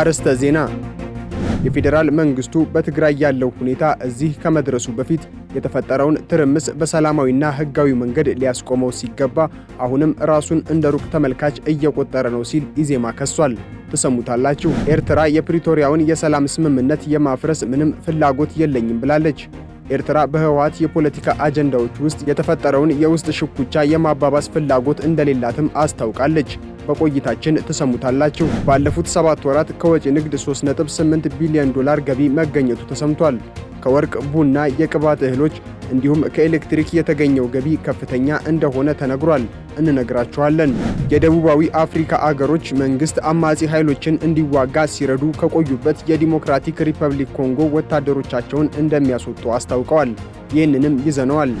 አርዕስተ ዜና። የፌዴራል መንግስቱ በትግራይ ያለው ሁኔታ እዚህ ከመድረሱ በፊት የተፈጠረውን ትርምስ በሰላማዊና ህጋዊ መንገድ ሊያስቆመው ሲገባ አሁንም ራሱን እንደ ሩቅ ተመልካች እየቆጠረ ነው ሲል ኢዜማ ከሷል። ትሰሙታላችሁ። ኤርትራ የፕሪቶሪያውን የሰላም ስምምነት የማፍረስ ምንም ፍላጎት የለኝም ብላለች። ኤርትራ በህወሓት የፖለቲካ አጀንዳዎች ውስጥ የተፈጠረውን የውስጥ ሽኩቻ የማባባስ ፍላጎት እንደሌላትም አስታውቃለች። በቆይታችን ትሰሙታላችሁ። ባለፉት ሰባት ወራት ከወጪ ንግድ 3.8 ቢሊዮን ዶላር ገቢ መገኘቱ ተሰምቷል። ከወርቅ፣ ቡና፣ የቅባት እህሎች እንዲሁም ከኤሌክትሪክ የተገኘው ገቢ ከፍተኛ እንደሆነ ተነግሯል። እንነግራችኋለን። የደቡባዊ አፍሪካ አገሮች መንግስት አማጺ ኃይሎችን እንዲዋጋ ሲረዱ ከቆዩበት የዲሞክራቲክ ሪፐብሊክ ኮንጎ ወታደሮቻቸውን እንደሚያስወጡ አስታውቀዋል። ይህንንም ይዘነዋል።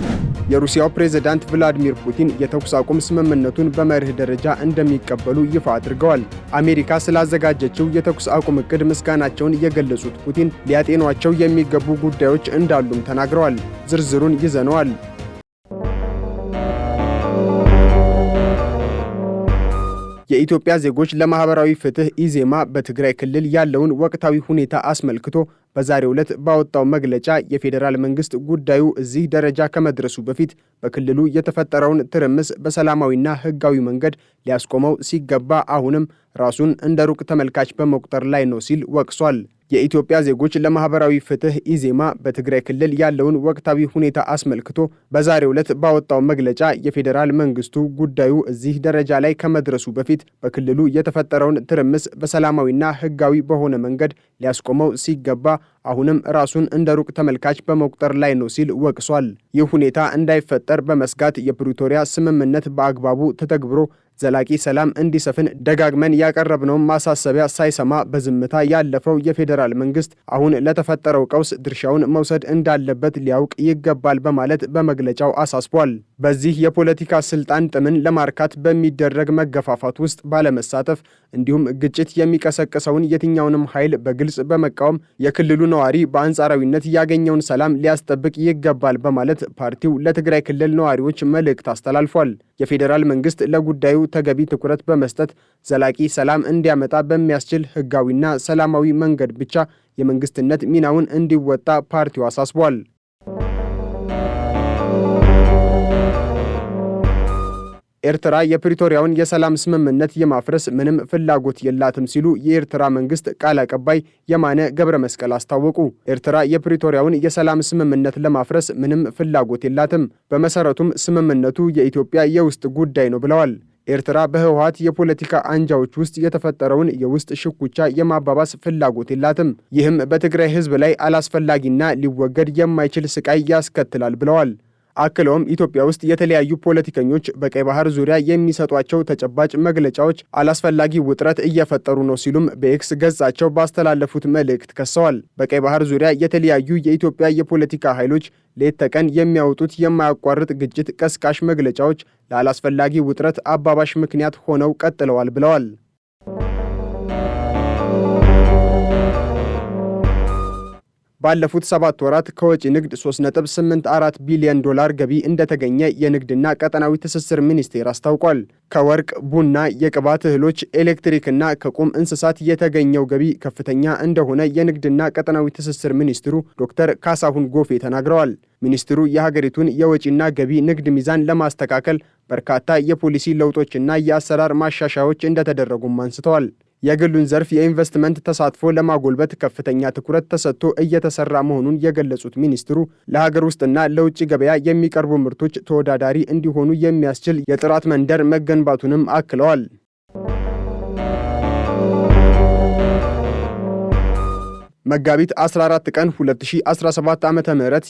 የሩሲያው ፕሬዝዳንት ቭላዲሚር ፑቲን የተኩስ አቁም ስምምነቱን በመርህ ደረጃ እንደሚቀበሉ ይፋ አድርገዋል። አሜሪካ ስላዘጋጀችው የተኩስ አቁም እቅድ ምስጋናቸውን የገለጹት ፑቲን ሊያጤኗቸው የሚገቡ ጉዳዮች እንዳሉም ተናግረዋል። ዝርዝሩ ዝርዝሩን ይዘነዋል። የኢትዮጵያ ዜጎች ለማህበራዊ ፍትህ ኢዜማ በትግራይ ክልል ያለውን ወቅታዊ ሁኔታ አስመልክቶ በዛሬው ዕለት ባወጣው መግለጫ የፌዴራል መንግስት ጉዳዩ እዚህ ደረጃ ከመድረሱ በፊት በክልሉ የተፈጠረውን ትርምስ በሰላማዊና ህጋዊ መንገድ ሊያስቆመው ሲገባ አሁንም ራሱን እንደ ሩቅ ተመልካች በመቁጠር ላይ ነው ሲል ወቅሷል። የኢትዮጵያ ዜጎች ለማህበራዊ ፍትህ ኢዜማ በትግራይ ክልል ያለውን ወቅታዊ ሁኔታ አስመልክቶ በዛሬው ዕለት ባወጣው መግለጫ የፌዴራል መንግስቱ ጉዳዩ እዚህ ደረጃ ላይ ከመድረሱ በፊት በክልሉ የተፈጠረውን ትርምስ በሰላማዊና ህጋዊ በሆነ መንገድ ሊያስቆመው ሲገባ አሁንም ራሱን እንደ ሩቅ ተመልካች በመቁጠር ላይ ነው ሲል ወቅሷል። ይህ ሁኔታ እንዳይፈጠር በመስጋት የፕሪቶሪያ ስምምነት በአግባቡ ተተግብሮ ዘላቂ ሰላም እንዲሰፍን ደጋግመን ያቀረብነውን ማሳሰቢያ ሳይሰማ በዝምታ ያለፈው የፌዴራል መንግስት አሁን ለተፈጠረው ቀውስ ድርሻውን መውሰድ እንዳለበት ሊያውቅ ይገባል በማለት በመግለጫው አሳስቧል። በዚህ የፖለቲካ ስልጣን ጥምን ለማርካት በሚደረግ መገፋፋት ውስጥ ባለመሳተፍ እንዲሁም ግጭት የሚቀሰቅሰውን የትኛውንም ኃይል በግልጽ በመቃወም የክልሉ ነዋሪ በአንጻራዊነት ያገኘውን ሰላም ሊያስጠብቅ ይገባል በማለት ፓርቲው ለትግራይ ክልል ነዋሪዎች መልእክት አስተላልፏል። የፌዴራል መንግስት ለጉዳዩ ተገቢ ትኩረት በመስጠት ዘላቂ ሰላም እንዲያመጣ በሚያስችል ህጋዊና ሰላማዊ መንገድ ብቻ የመንግስትነት ሚናውን እንዲወጣ ፓርቲው አሳስቧል። ኤርትራ የፕሪቶሪያውን የሰላም ስምምነት የማፍረስ ምንም ፍላጎት የላትም ሲሉ የኤርትራ መንግስት ቃል አቀባይ የማነ ገብረ መስቀል አስታወቁ። ኤርትራ የፕሪቶሪያውን የሰላም ስምምነት ለማፍረስ ምንም ፍላጎት የላትም፣ በመሰረቱም ስምምነቱ የኢትዮጵያ የውስጥ ጉዳይ ነው ብለዋል። ኤርትራ በህወሀት የፖለቲካ አንጃዎች ውስጥ የተፈጠረውን የውስጥ ሽኩቻ የማባባስ ፍላጎት የላትም። ይህም በትግራይ ህዝብ ላይ አላስፈላጊና ሊወገድ የማይችል ስቃይ ያስከትላል ብለዋል። አክለውም ኢትዮጵያ ውስጥ የተለያዩ ፖለቲከኞች በቀይ ባህር ዙሪያ የሚሰጧቸው ተጨባጭ መግለጫዎች አላስፈላጊ ውጥረት እየፈጠሩ ነው ሲሉም በኤክስ ገጻቸው ባስተላለፉት መልእክት ከሰዋል። በቀይ ባህር ዙሪያ የተለያዩ የኢትዮጵያ የፖለቲካ ኃይሎች ሌት ተቀን የሚያወጡት የማያቋርጥ ግጭት ቀስቃሽ መግለጫዎች ለአላስፈላጊ ውጥረት አባባሽ ምክንያት ሆነው ቀጥለዋል ብለዋል። ባለፉት ሰባት ወራት ከወጪ ንግድ 3.84 ቢሊዮን ዶላር ገቢ እንደተገኘ የንግድና ቀጠናዊ ትስስር ሚኒስቴር አስታውቋል። ከወርቅ፣ ቡና፣ የቅባት እህሎች፣ ኤሌክትሪክና ከቁም እንስሳት የተገኘው ገቢ ከፍተኛ እንደሆነ የንግድና ቀጠናዊ ትስስር ሚኒስትሩ ዶክተር ካሳሁን ጎፌ ተናግረዋል። ሚኒስትሩ የሀገሪቱን የወጪና ገቢ ንግድ ሚዛን ለማስተካከል በርካታ የፖሊሲ ለውጦችና የአሰራር ማሻሻዎች እንደተደረጉም አንስተዋል። የግሉን ዘርፍ የኢንቨስትመንት ተሳትፎ ለማጎልበት ከፍተኛ ትኩረት ተሰጥቶ እየተሰራ መሆኑን የገለጹት ሚኒስትሩ ለሀገር ውስጥና ለውጭ ገበያ የሚቀርቡ ምርቶች ተወዳዳሪ እንዲሆኑ የሚያስችል የጥራት መንደር መገንባቱንም አክለዋል። መጋቢት 14 ቀን 2017 ዓ ም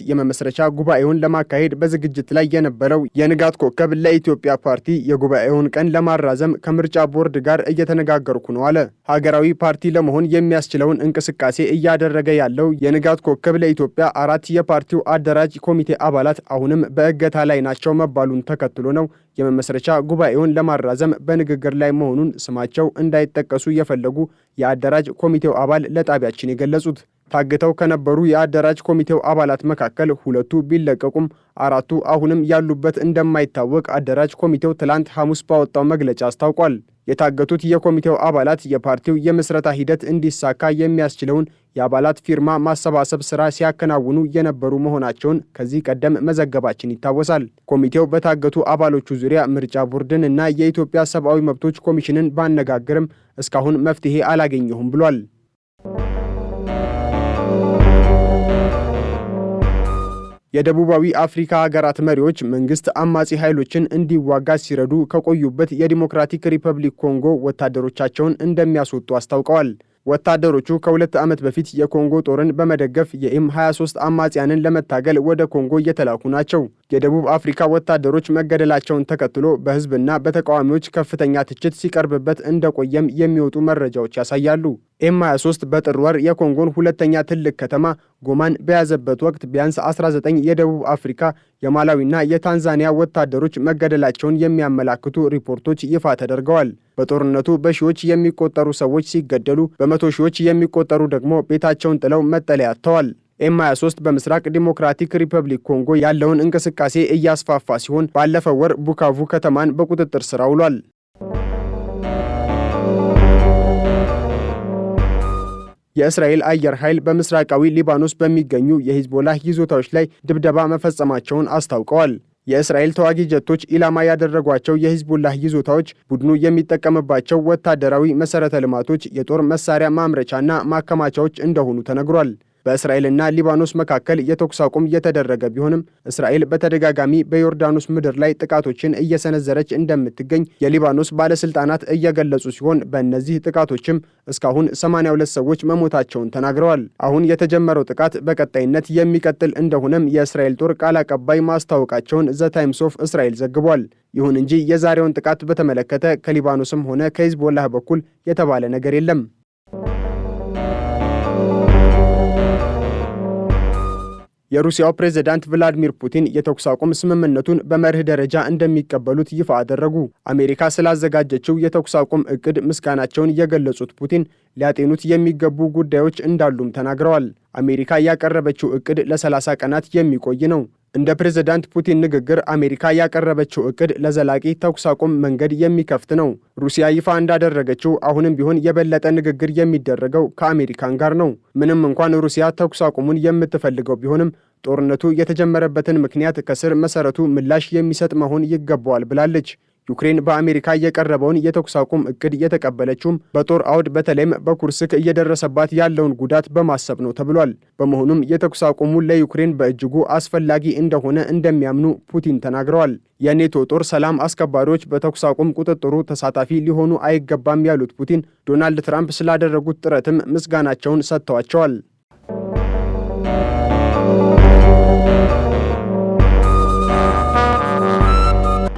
የመመስረቻ ጉባኤውን ለማካሄድ በዝግጅት ላይ የነበረው የንጋት ኮከብ ለኢትዮጵያ ፓርቲ የጉባኤውን ቀን ለማራዘም ከምርጫ ቦርድ ጋር እየተነጋገርኩ ነው አለ። ሀገራዊ ፓርቲ ለመሆን የሚያስችለውን እንቅስቃሴ እያደረገ ያለው የንጋት ኮከብ ለኢትዮጵያ አራት የፓርቲው አደራጅ ኮሚቴ አባላት አሁንም በእገታ ላይ ናቸው መባሉን ተከትሎ ነው የመመስረቻ ጉባኤውን ለማራዘም በንግግር ላይ መሆኑን ስማቸው እንዳይጠቀሱ የፈለጉ የአደራጅ ኮሚቴው አባል ለጣቢያችን የገለጹ የገለጹት። ታግተው ከነበሩ የአደራጅ ኮሚቴው አባላት መካከል ሁለቱ ቢለቀቁም አራቱ አሁንም ያሉበት እንደማይታወቅ አደራጅ ኮሚቴው ትላንት ሐሙስ ባወጣው መግለጫ አስታውቋል። የታገቱት የኮሚቴው አባላት የፓርቲው የምስረታ ሂደት እንዲሳካ የሚያስችለውን የአባላት ፊርማ ማሰባሰብ ስራ ሲያከናውኑ የነበሩ መሆናቸውን ከዚህ ቀደም መዘገባችን ይታወሳል። ኮሚቴው በታገቱ አባሎቹ ዙሪያ ምርጫ ቦርድን እና የኢትዮጵያ ሰብአዊ መብቶች ኮሚሽንን ባነጋግርም እስካሁን መፍትሄ አላገኘሁም ብሏል። የደቡባዊ አፍሪካ ሀገራት መሪዎች መንግስት አማጺ ኃይሎችን እንዲዋጋ ሲረዱ ከቆዩበት የዲሞክራቲክ ሪፐብሊክ ኮንጎ ወታደሮቻቸውን እንደሚያስወጡ አስታውቀዋል። ወታደሮቹ ከሁለት ዓመት በፊት የኮንጎ ጦርን በመደገፍ የኤም 23 አማጽያንን ለመታገል ወደ ኮንጎ እየተላኩ ናቸው። የደቡብ አፍሪካ ወታደሮች መገደላቸውን ተከትሎ በህዝብና በተቃዋሚዎች ከፍተኛ ትችት ሲቀርብበት እንደቆየም የሚወጡ መረጃዎች ያሳያሉ። ኤም 23 በጥር ወር የኮንጎን ሁለተኛ ትልቅ ከተማ ጎማን በያዘበት ወቅት ቢያንስ 19 የደቡብ አፍሪካ የማላዊና የታንዛኒያ ወታደሮች መገደላቸውን የሚያመላክቱ ሪፖርቶች ይፋ ተደርገዋል። በጦርነቱ በሺዎች የሚቆጠሩ ሰዎች ሲገደሉ፣ በመቶ ሺዎች የሚቆጠሩ ደግሞ ቤታቸውን ጥለው መጠለያ አጥተዋል። ኤም 23 በምስራቅ ዲሞክራቲክ ሪፐብሊክ ኮንጎ ያለውን እንቅስቃሴ እያስፋፋ ሲሆን ባለፈው ወር ቡካቩ ከተማን በቁጥጥር ስር አውሏል። የእስራኤል አየር ኃይል በምስራቃዊ ሊባኖስ በሚገኙ የሂዝቦላህ ይዞታዎች ላይ ድብደባ መፈጸማቸውን አስታውቀዋል። የእስራኤል ተዋጊ ጀቶች ኢላማ ያደረጓቸው የሂዝቡላህ ይዞታዎች ቡድኑ የሚጠቀምባቸው ወታደራዊ መሠረተ ልማቶች፣ የጦር መሳሪያ ማምረቻና ማከማቻዎች እንደሆኑ ተነግሯል። በእስራኤልና ሊባኖስ መካከል የተኩስ አቁም የተደረገ ቢሆንም እስራኤል በተደጋጋሚ በዮርዳኖስ ምድር ላይ ጥቃቶችን እየሰነዘረች እንደምትገኝ የሊባኖስ ባለስልጣናት እየገለጹ ሲሆን በእነዚህ ጥቃቶችም እስካሁን 82 ሰዎች መሞታቸውን ተናግረዋል። አሁን የተጀመረው ጥቃት በቀጣይነት የሚቀጥል እንደሆነም የእስራኤል ጦር ቃል አቀባይ ማስታወቃቸውን ዘ ታይምስ ኦፍ እስራኤል ዘግቧል። ይሁን እንጂ የዛሬውን ጥቃት በተመለከተ ከሊባኖስም ሆነ ከሂዝቦላህ በኩል የተባለ ነገር የለም። የሩሲያው ፕሬዝዳንት ቭላዲሚር ፑቲን የተኩስ አቁም ስምምነቱን በመርህ ደረጃ እንደሚቀበሉት ይፋ አደረጉ። አሜሪካ ስላዘጋጀችው የተኩስ አቁም እቅድ ምስጋናቸውን የገለጹት ፑቲን ሊያጤኑት የሚገቡ ጉዳዮች እንዳሉም ተናግረዋል። አሜሪካ ያቀረበችው እቅድ ለ30 ቀናት የሚቆይ ነው። እንደ ፕሬዝዳንት ፑቲን ንግግር አሜሪካ ያቀረበችው እቅድ ለዘላቂ ተኩስ አቁም መንገድ የሚከፍት ነው። ሩሲያ ይፋ እንዳደረገችው አሁንም ቢሆን የበለጠ ንግግር የሚደረገው ከአሜሪካን ጋር ነው። ምንም እንኳን ሩሲያ ተኩስ አቁሙን የምትፈልገው ቢሆንም ጦርነቱ የተጀመረበትን ምክንያት ከስር መሰረቱ ምላሽ የሚሰጥ መሆን ይገባዋል ብላለች። ዩክሬን በአሜሪካ የቀረበውን የተኩስ አቁም እቅድ የተቀበለችውም በጦር አውድ በተለይም በኩርስክ እየደረሰባት ያለውን ጉዳት በማሰብ ነው ተብሏል። በመሆኑም የተኩስ አቁሙ ለዩክሬን በእጅጉ አስፈላጊ እንደሆነ እንደሚያምኑ ፑቲን ተናግረዋል። የኔቶ ጦር ሰላም አስከባሪዎች በተኩስ አቁም ቁጥጥሩ ተሳታፊ ሊሆኑ አይገባም ያሉት ፑቲን ዶናልድ ትራምፕ ስላደረጉት ጥረትም ምስጋናቸውን ሰጥተዋቸዋል።